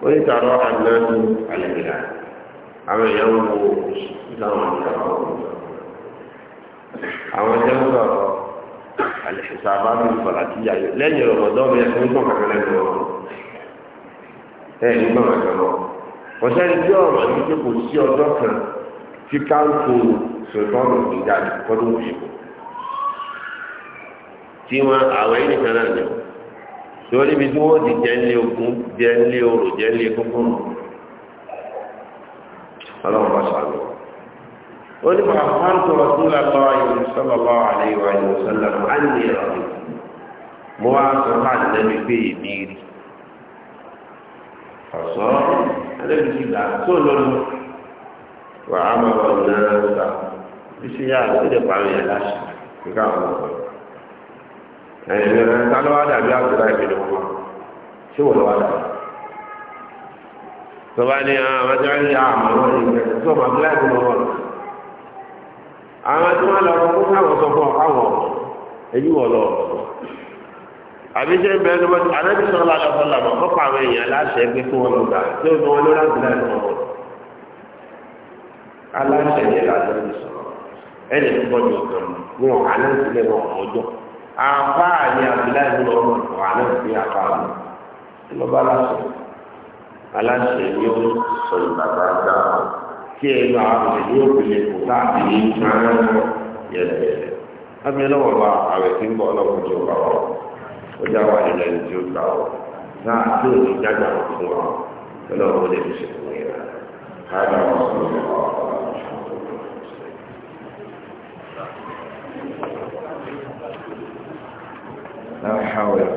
ó ní tààrọ̀ àdúgbò àlẹ́gbẹ̀lá àwọn èèyàn wo ìṣàwọn ìṣàwọn àwọn ìṣàwọn alìsàbánu ìfọ̀làkìyà lẹ́yìn ọ̀rọ̀dọ́ mi ẹ̀sìn ń tàn kankan lẹ́nu ọ̀rọ̀ ẹ̀ ń gbọ́n kankan lọ. ọ̀sẹ̀ ní ọ̀rọ̀ yìí pé kò sí ọjọ́ kan tí káńtó sọ̀tọ́nù ní jáde kọ́dún yìí tí wọn àwẹ̀ yìí nìkan náà lẹ́wọ̀ tí wọ́n níbi tí wọ́n ti jẹ́ ńlé ogun jẹ́ ńlé orò jẹ́ ńlé kókó ọlọ́run bá sọ ولما أخبرت رسول الله صلى الله عليه وسلم عني رضي مواصفة النبي في ميري فصار النبي سيدنا كله وعمر الناس بسيارة سيدنا بعمل الأشهر فقال يعني أنا أنا أبي عبد الله بن عمر شو الوضع طبعا يا ما تعالي أعمى وإنك ثم أبلاك عمر àwọn tí wọ́n lọ fún káwọn sọ fún ọ̀káwọn ẹ̀yí wọ̀ lọ. àbíṣe ń bẹ́ẹ̀ lọ́wọ́ anábì sọ̀rọ̀ lálẹ́ fún làmọ́ àwọn èèyàn láṣẹ pé fún wọn lọ́gbà tí ó ní wọn lórí àti láì lọ́wọ́. aláṣẹ yẹn ń ọ̀kan wọn wọn ọjọ́ lọ́wọ́ aláṣẹ sọ 现在啊，旅游比较发达，现在，哎，我们那边啊，那边不那么热闹，人家外地人就到，那旅游景点就多，那我们这些朋友，海南啊，那好啊。